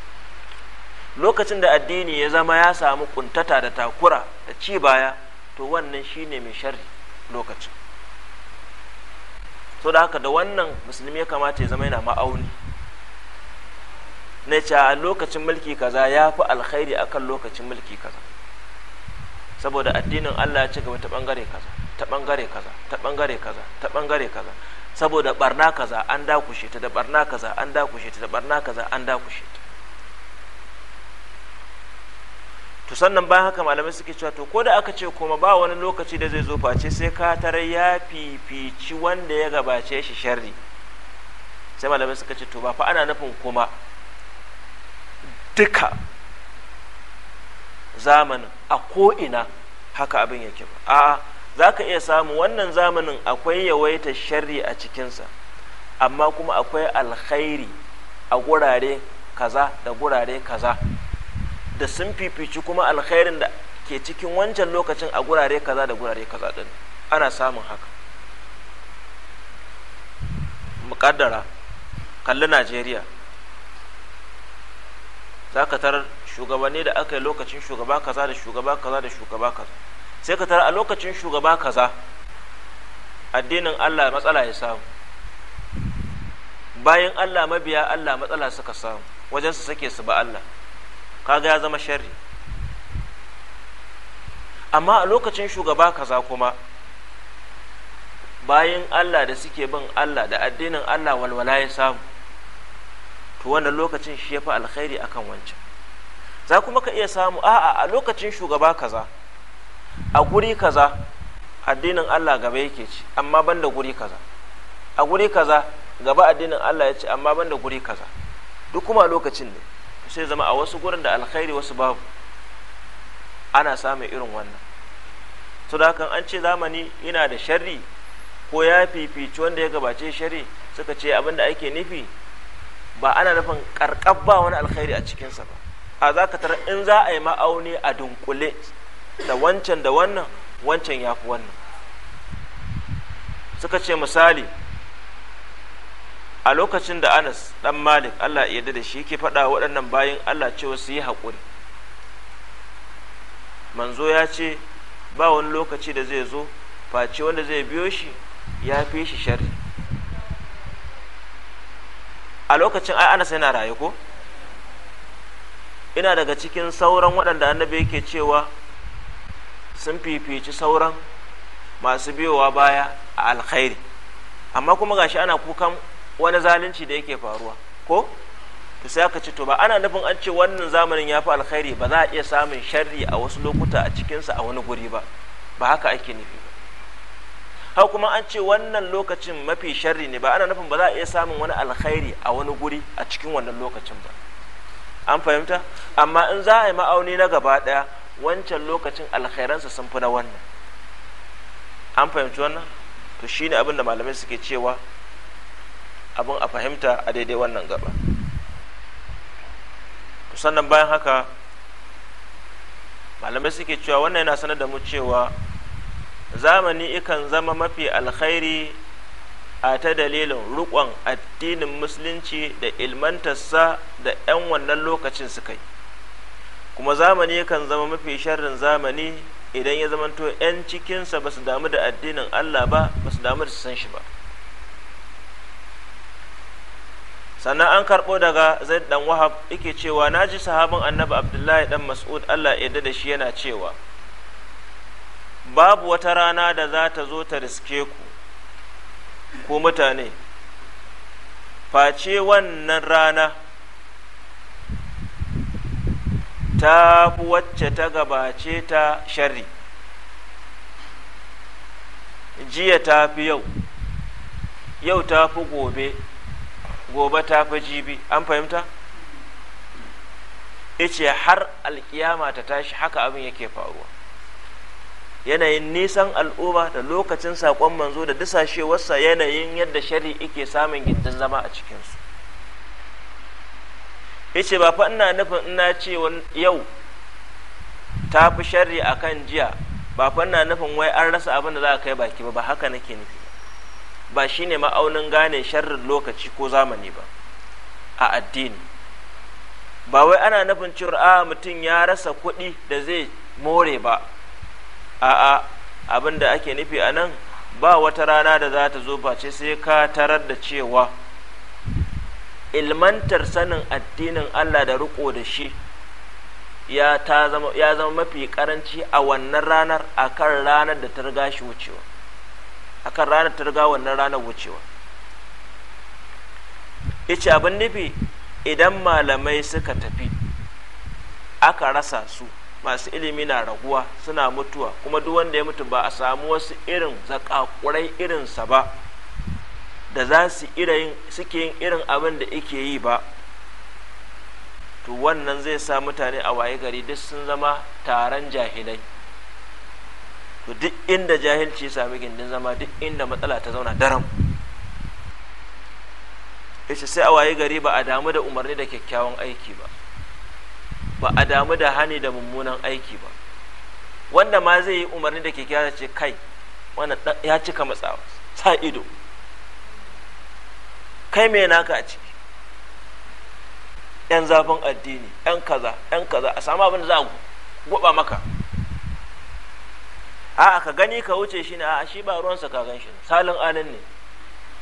lokacin da addini ya zama ya samu kuntata da takura da ci baya to wannan shi ne mai sharri lokacin to da haka da wannan musulmi ya kamata ya zama yana ma'auni na ce a lokacin mulki kaza ya fi alkhairi akan lokacin mulki kaza saboda addinin Allah ya ci gaba ta bangare kaza ta bangare kaza ta bangare kaza ta bangare kaza saboda barna kaza an dakushe ta da barna kaza an dakushe ta da barna kaza an dakushe ta to sannan bayan haka malamai suke cewa to ko da aka ce kuma ba wani lokaci da zai zo face sai ka ya fifici wanda ya gabace shi sharri sai malamai suka ce to ba fa ana nufin kuma duka zamanin a ko'ina haka abin yake ba a za ka iya samu wannan zamanin akwai yawaita sharri a cikinsa amma kuma akwai alkhairi a gurare kaza da gurare kaza da sun fifici kuma alkhairin da ke cikin wancan lokacin a gurare kaza da gurare kaza din ana samun haka muƙaddara kalli najeriya za ka tarar shugabanni da aka yi lokacin shugaba kaza da shugaba kaza da shugaba kaza sai ka tarar a lokacin shugaba kaza addinin allah matsala ya samu bayan allah mabiya allah matsala suka samu wajen su sake su ba allah kaga ya zama sharri amma a lokacin shugaba kaza kuma bayan allah da suke bin allah da addinin allah walwala ya samu to wannan lokacin shi ya fi alkhairi akan wancan za kuma ka iya samu a'a a lokacin shugaba kaza a guri kaza addinin Allah gaba yake ci amma banda guri kaza a guri kaza gaba addinin Allah ya ce amma banda guri kaza duk kuma lokacin ne sai zama a wasu gurin da alkhairi wasu babu ana samun irin wannan to da kan an ce zamani yana da sharri ko ya fifici wanda ya gabace shari suka ce abin da ake nufi ba ana nufin karkab ba wani alkhairi a cikinsa ba a za ka tara in za a yi ma'auni a dunkule da wancan da wannan wancan ya fi wannan suka ce misali a lokacin da anas dan malik allah yarda da shi ke faɗa waɗannan bayan allah cewa su yi haƙuri manzo ya ce ba wani lokaci da zai zo face wanda zai biyo shi ya fi shi shari a lokacin ai anas yana raye ko ina daga cikin sauran waɗanda annabi yake cewa sun fifici sauran masu biyowa baya a alkhairi amma kuma gashi ana kukan wani zalunci da yake faruwa ko to sai aka ce to ba ana nufin an ce wannan zamanin ya fi alkhairi ba za a iya samun sharri a wasu lokuta a cikinsa a wani guri ba ba haka ake nufi har kuma an ce wannan lokacin mafi sharri ne ba ana nufin ba za a iya samun wani alkhairi a wani guri a cikin wannan lokacin ba an fahimta amma in za a yi ma'auni na gaba daya wancan lokacin alkhairansa sun fi na wannan an fahimci wannan to shine abin da malamai suke cewa abin a fahimta a daidai wannan gaba sannan bayan haka malamai suke cewa wannan yana sanar da mu cewa zamani ikan zama mafi alkhairi a ta dalilin rukon addinin musulunci da ilmantarsa da 'yan wannan lokacin su kai kuma zamani kan zama mafi sharrin zamani idan ya zamanto 'yan cikinsa ba su damu da addinin allah ba ba su damu da su san shi ba sannan an karɓo daga zai dan wahab yake cewa na ji sahabin annabi abdullahi dan mas'ud allah ya da shi yana cewa babu wata rana da za ta zo ta riske ku ko mutane face wannan rana ta fi wacce ta gabace ta shari. jiya ta fi yau yau ta fi gobe gobe ta fi jibi an fahimta? ice har alkiyama ta tashi haka abin yake faruwa yanayin nisan al'umma da lokacin saƙon manzo da dusashewarsa yanayin yadda shari'i ike samun gindin zama a cikinsu ce ba fa ina nufin ina ce yau ta fi shari a kan jiya ba fa ina nufin wai an rasa abin da za a kai baki ba ba haka nake nufi ba shi ne ma'aunin gane sharrin lokaci ko zamani ba a addini ba wai ana nufin cewa mutum ya rasa kuɗi da zai more ba a'a abin da ake nufi a nan ba wata rana da za ta zo face sai ka tarar da cewa ilmantar sanin addinin Allah da riko da shi ya zama mafi karanci a wannan ranar kan ranar da ta riga shi wucewa kan ranar ta riga wannan ranar wucewa ice abin nufi idan malamai suka tafi aka rasa su masu ilimi na raguwa suna mutuwa kuma duk wanda ya mutu ba a samu wasu irin zakakurai irinsa ba da za su suke yin irin abin da ike yi ba to wannan zai sa mutane a waye gari duk sun zama taron jahilai to duk inda jahilci sami gindin zama duk inda matsala ta zauna daram yace sai a waye gari ba a damu da umarni da kyakkyawan aiki ba ba a damu da hani da mummunan aiki ba wanda ma zai yi umarni da keke ya ce kai wanda ya cika matsawa sa ido kai me naka a ciki yan zafin addini yan kaza yan kaza a samu abin da za a gwaba maka a'a ka gani ka wuce shi ne a'a shi ba ruwansa ka gan shi salin alin ne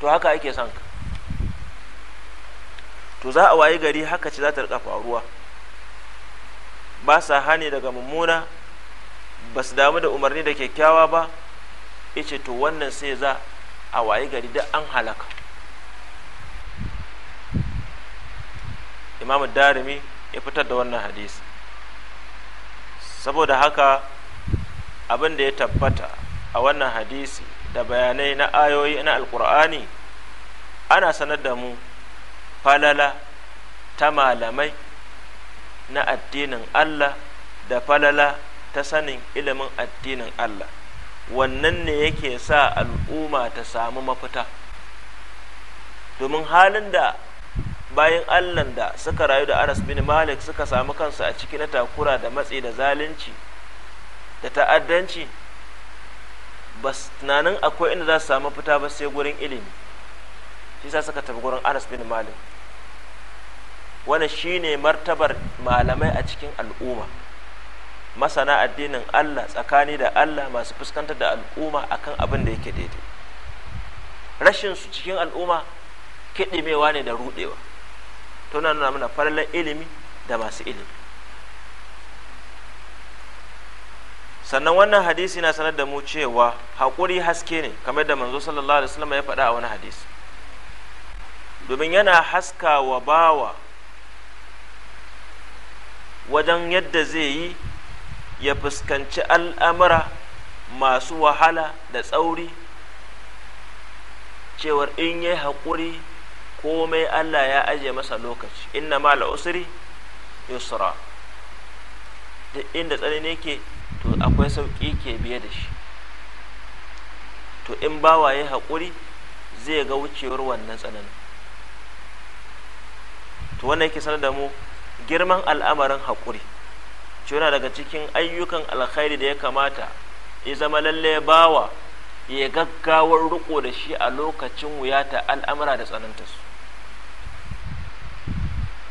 to haka ake son ka to za a wayi gari haka ce za ta rika faruwa ba sa hani daga mummuna ba su damu da umarni da kyakkyawa ba ice to wannan sai za a waye gari da an halaka imamu darimi ya fitar da wannan hadisi saboda haka abin da ya tabbata a wannan hadisi da bayanai na ayoyi na alkur'ani ana sanar da mu falala ta malamai na addinin Allah da falala ta sanin ilimin addinin Allah wannan ne yake sa al'umma ta samu mafita domin halin da bayan Allah da suka rayu da aras bin Malik suka samu kansu a ciki na takura da matsi da zalunci da ta'addanci ba tunanin akwai inda za su samu fita ba sai gurin ilimi shi sa suka tafi gurin aras bin Malik wani shine martabar malamai a cikin al'umma masana addinin Allah tsakani da Allah masu fuskantar da al'umma akan abin da yake daidai rashin su cikin al'umma kiɗimewa ne da ruɗewa tuna nuna mana farallar ilimi da masu ilimi sannan wannan hadisi na sanar da mu cewa haƙuri haske ne kamar da manzo sallallahu alaihi wasallam ya faɗa a wani hadisi domin yana haska wa bawa wajen yadda zai yi ya fuskanci al'amura masu wahala da tsauri cewar in yi haƙuri komai Allah ya ajiye masa lokaci inna ma usri yusra duk inda tsanani ke to akwai sauƙi ke biye da shi to in bawa ya haƙuri zai ga wucewar wannan tsananin to wannan yake sanar da mu girman al'amarin haƙuri yana daga cikin ayyukan alkhairi da ya kamata ya zama lalle bawa ya gaggawar riko da shi a lokacin wuya ta al'amura da tsananta su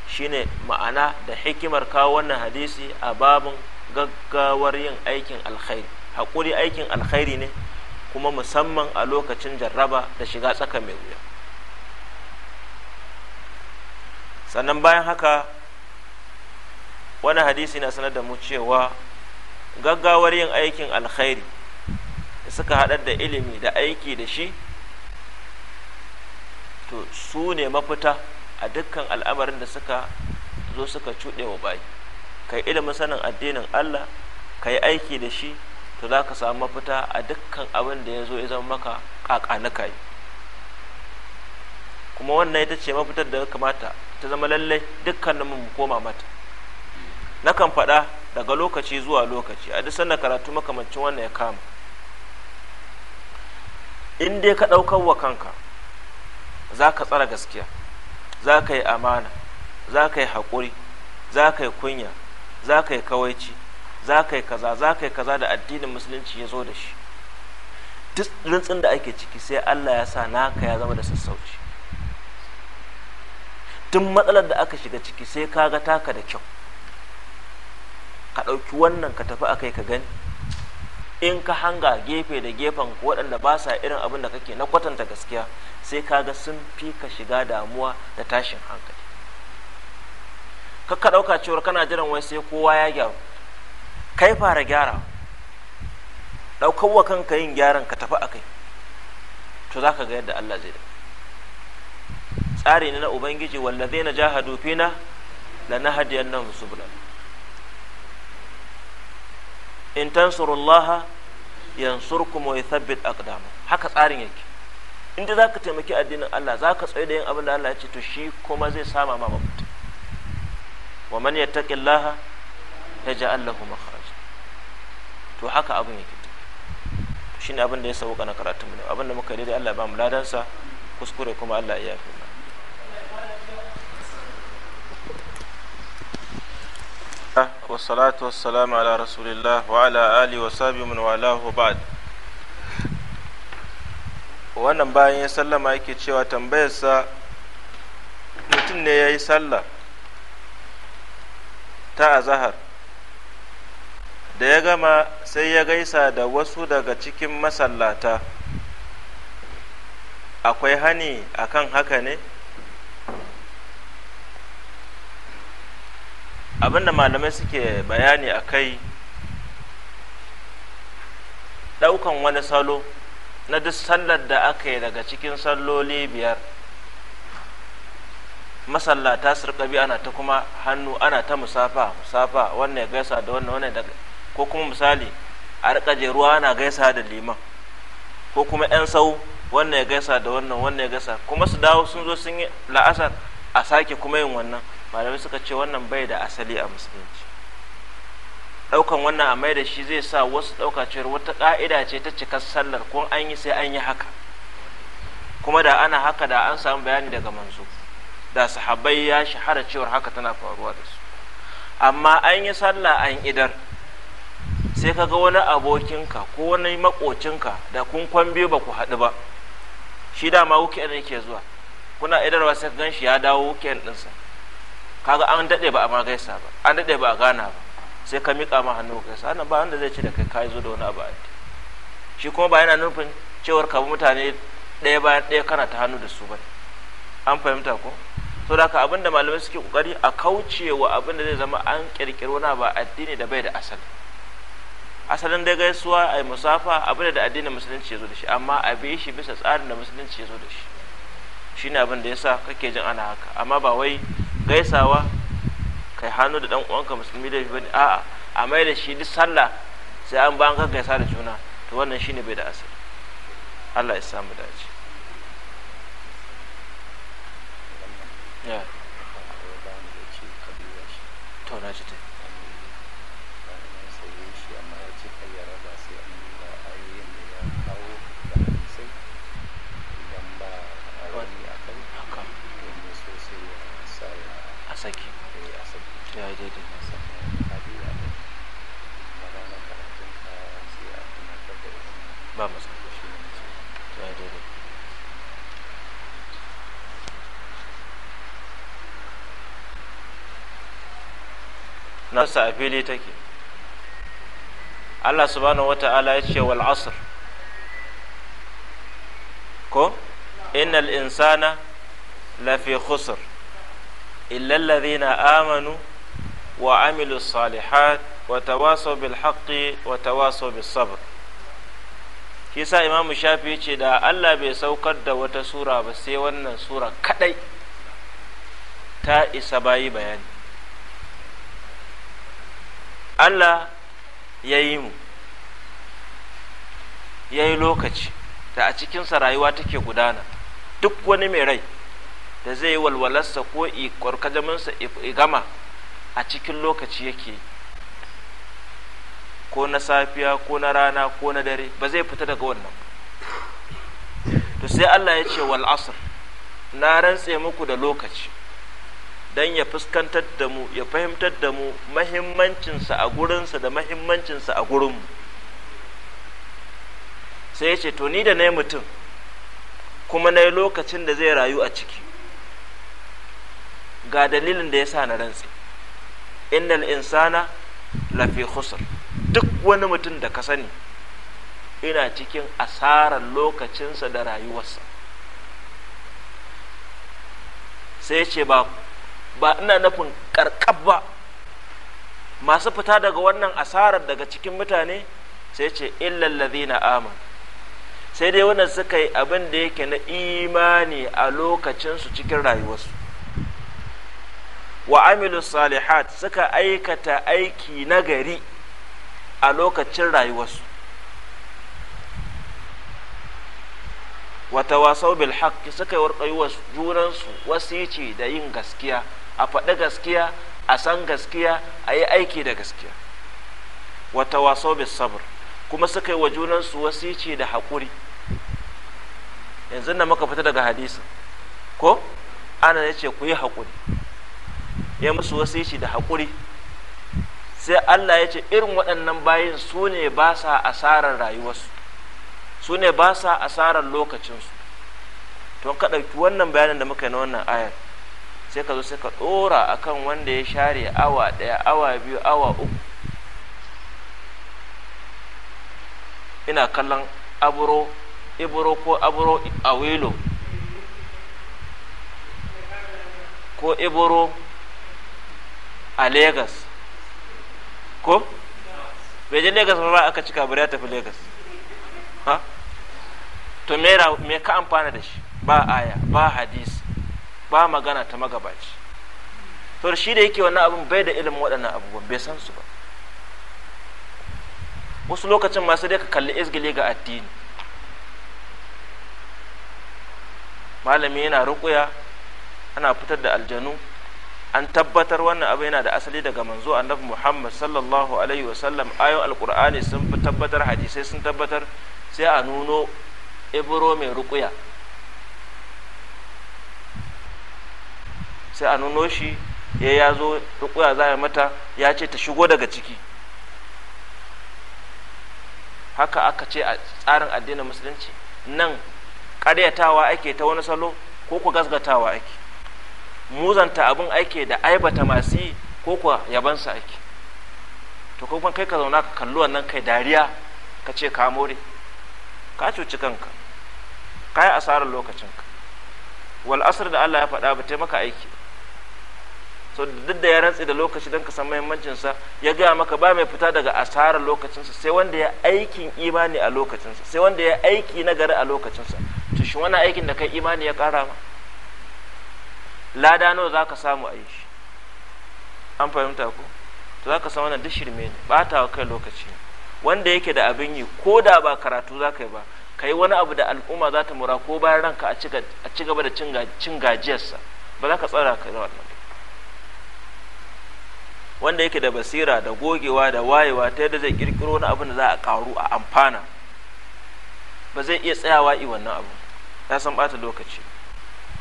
shine ma'ana da hikimar kawo wannan hadisi a babin gaggawar yin aikin alkhairi haƙuri aikin alkhairi ne kuma musamman a lokacin jarraba da shiga tsaka mai wuya sannan bayan haka wani hadisi na sanar da mu cewa gaggawar yin aikin alkhairi da suka haɗar da ilimi da aiki da shi to su ne mafita a dukkan al'amarin da suka zo suka cuɗe wa bayi ka yi ilimin sanin addinin allah ka yi aiki da shi to za ka samu mafita a dukkan abin da ya zo ya zama maka ƙaƙa yi kuma wannan ita ce mafitar da ya kamata ta zama lallai dukkanin mu koma mata na kan faɗa daga lokaci zuwa lokaci a duk sanda karatu makamancin wannan ya kama in dai ka ɗaukar wa kanka za ka tsara gaskiya za ka yi amana za ka yi haƙuri za ka yi kunya za ka yi kawaici za ka yi kaza za ka yi kaza da addinin musulunci ya zo da shi duk rintsin da ake ciki sai allah ya sa naka ya zama da sassauci tun matsalar da aka shiga ciki sai ka ga taka da kyau ka ɗauki wannan ka tafi a kai ka gani in ka hanga gefe da gefen waɗanda ba sa irin abin da kake na kwatanta gaskiya sai kaga ga sun fi ka shiga damuwa da tashin hankali ka ka ɗauka cewar kana jiran wai sai kowa ya gyaru kai fara gyara ɗaukar wa kanka yin gyaran ka tafi a kai to za ka ga yadda Allah zai da tsari ne na ubangiji wallazai na jahadu fina nan su bulan. in tansurullaha yansurkum wa yuthabbit aqdama haka tsarin yake in dai zaka taimaki addinin Allah zaka tsaye da yin abin da Allah ya ce to shi kuma zai sama ma mafita wa man yattaqillaha yaj'al lahu makhraj to haka abin yake shine abin da ya sauka na karatun mu abin da muka yi da Allah ba mu ladansa kuskure kuma Allah ya yafi mu ala والسلام wa ala ali wa sabi wa ba'd wannan bayan ya sallama yake cewa tambayarsa mutum ne ya yi sallah ta azahar da ya gama sai ya gaisa da wasu daga cikin masallata akwai hani akan haka ne abinda malamai suke bayani a kai ɗaukan wani salo na duk sallar da aka yi daga cikin salloli biyar masallata su rika ana ta kuma hannu ana ta musafa musafa wannan ya gaisa da wannan wannan da ko kuma misali a rika ruwa ana gaisa da liman ko kuma yan sau wannan ya gaisa da wannan wannan ya gaisa kuma su dawo sun zo sun yi la'asar a sake kuma yin wannan malamai suka ce wannan bai da asali a musulunci ɗaukan wannan a mai da shi zai sa wasu dauka cewar wata ka'ida ce ta cikar sallar ko an yi sai an yi haka kuma da ana haka da an samu bayani daga manzo da sahabbai ya shahara cewar haka tana faruwa da su amma an yi sallah an idar sai kaga wani abokinka ko wani makocinka da kun kwambe ba ku haɗu ba shi dama ne ke zuwa kuna idarwa sai gan shi ya dawo wuke ɗinsa kaga an daɗe ba a ma gaisa ba an daɗe ba a gana ba sai ka miƙa ma hannu ka gaisa ana ba wanda zai ce da kai ka zo da wani abu a shi kuma ba yana nufin cewar ka mutane ɗaya bayan ɗaya kana ta hannu da su ba an fahimta ko to da ka abinda malamai suke kokari a kauce wa abin zai zama an kirkiro na ba addini da bai da asali asalin da gaisuwa a musafa abin da addinin musulunci ya zo da shi amma a bi shi bisa tsarin da musulunci ya zo da shi shine abin da ya sa kake jin ana haka amma ba wai gaisawa kai hannu da dan uwanka musulmi da bane a'a a mai da shi duk sallah sai an ba an ka gaisa da juna to wannan shine bai da asali Allah ya samu dace to na ji na a fili take Allah subhanahu wata'ala ya ce wal asr ko innal insana lafi khusr illa alladhina amanu wa amilu salihat wa tawasaw bil haqqi wa tawasaw bis sabr kisa imam shafi ce da Allah bai saukar da wata sura ba sai wannan sura kadai ta isa bayi bayani Allah ya yi mu ya yi lokaci da a cikinsa rayuwa take gudana duk wani mai rai da zai yi walwalarsa ko ikwarkajaminsa gama a cikin lokaci yake ko na safiya ko na rana ko na dare ba zai fita daga wannan to sai Allah ya ce wal asr na rantse muku da lokaci don ya fuskantar da mu ya fahimtar da mu mahimmancinsa a gurinsa da mahimmancinsa a gurinmu sai ya ce to ni da na yi mutum kuma na yi lokacin da zai rayu a ciki ga dalilin da ya sa na rantse innal insana lafi khusr duk wani mutum da ka sani ina cikin asarar lokacinsa da rayuwarsa sai ce ba ba ina nufin karkab ba masu fita daga wannan asarar daga cikin mutane sai ce na aman sai dai wannan suka yi abin da yake na imani a lokacinsu cikin rayuwarsu wa amilu salihat suka aikata aiki nagari a lokacin rayuwarsu wata wasau bil haqqi suka yi warɗayuwa junansu wasici da yin gaskiya a faɗi gaskiya a san gaskiya a yi aiki da gaskiya wata waso bis sabr kuma suka yi wa junansu wasici da haƙuri yanzu na muka fita daga hadisi ko ana ya ce ku yi haƙuri ya musu wasici da haƙuri sai allah ya ce irin waɗannan bayin su ne ba sa asarar rayuwarsu su ne ba sa asarar lokacinsu to ka ɗauki wannan bayanin da muka yi na wannan ayar sai ka zo sai ka ɗora akan wanda ya share awa ɗaya awa biyu awa uku ina kallon aburo iburo ko aburo a wilo ko iburo a Legas ko? bai je Legas ba aka cika bari ya tafi Legas ha? to me ka amfana da shi ba aya ba hadisi ba magana ta magabaci to shi da yake wannan abin bai da ilimin waɗannan abubuwan bai san su ba wasu lokacin masu dai ka kalli izgile ga addini malami yana rukuya ana fitar da aljanu an tabbatar wannan abu yana da asali daga manzo annabi muhammad sallallahu alaihi wasallam ayon alkur'ani sun tabbatar hadisai sun tabbatar sai a nuno ibro mai rukuya sai a nuno shi ya ya zo rukuya za a mata ya ce ta shigo daga ciki haka aka ce a tsarin addinin musulunci nan ƙaryatawa ake ta wani salo ko ku gasgatawa ake muzanta abin ake da aibata masu yi ko kuwa yabansa ake to kuma kai ka zauna ka kalli wannan kai dariya ka ce ka more ka cuci kanka ka yi asarar lokacinka wal da Allah ya faɗa ba taimaka aiki so duk da ya rantsi da lokaci don ka san muhimmancinsa ya gaya maka ba mai fita daga asarar lokacinsa sai wanda ya aikin imani a lokacinsa sai wanda ya aiki na gari a lokacinsa to shi wani aikin da kai imani ya kara ma lada nawa za ka samu a yi shi an fahimta ko to za ka san wannan duk shirme ne bata wa kai lokaci wanda yake da abin yi ko da ba karatu za ka yi ba ka yi wani abu da al'umma za ta mura ko bayan ranka a ci gaba da cin gajiyarsa ba za ka tsara ka yi wannan wanda yake da basira da gogewa da wayewa ta yadda zai kirkiro wani abin da za a karu a amfana ba zai iya tsayawa i wannan abu ya san bata lokaci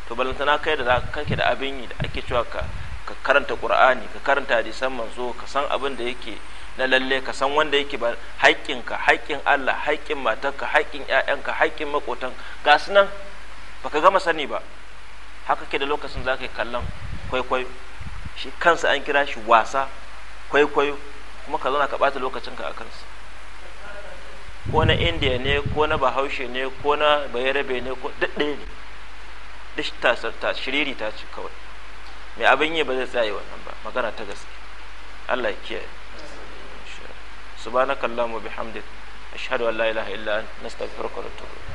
to balantana kai da kake da abin yi da ake cewa ka ka karanta qur'ani ka karanta hadisan manzo ka san abin da yake na lalle ka san wanda yake ba haƙƙinka haƙƙin Allah haƙƙin matarka haƙƙin ƴaƴanka haƙƙin makotan ga su baka gama sani ba haka ke da lokacin za ka yi kallon kwaikwayo shi kansa an kira shi wasa kwaikwayo kuma ka zauna ka ɓata lokacinka a kansa ko na indiya ne ko na bahaushe ne ko na bayarabe ne ko daɗe ne duk ta shiriri ta ci kawai mai abin yi ba zai tsaye wannan ba magana ta gaske allah ya kiyaye subhanakallahumma bihamdik ashhadu an la ilaha illa anta nastaghfiruka wa natubu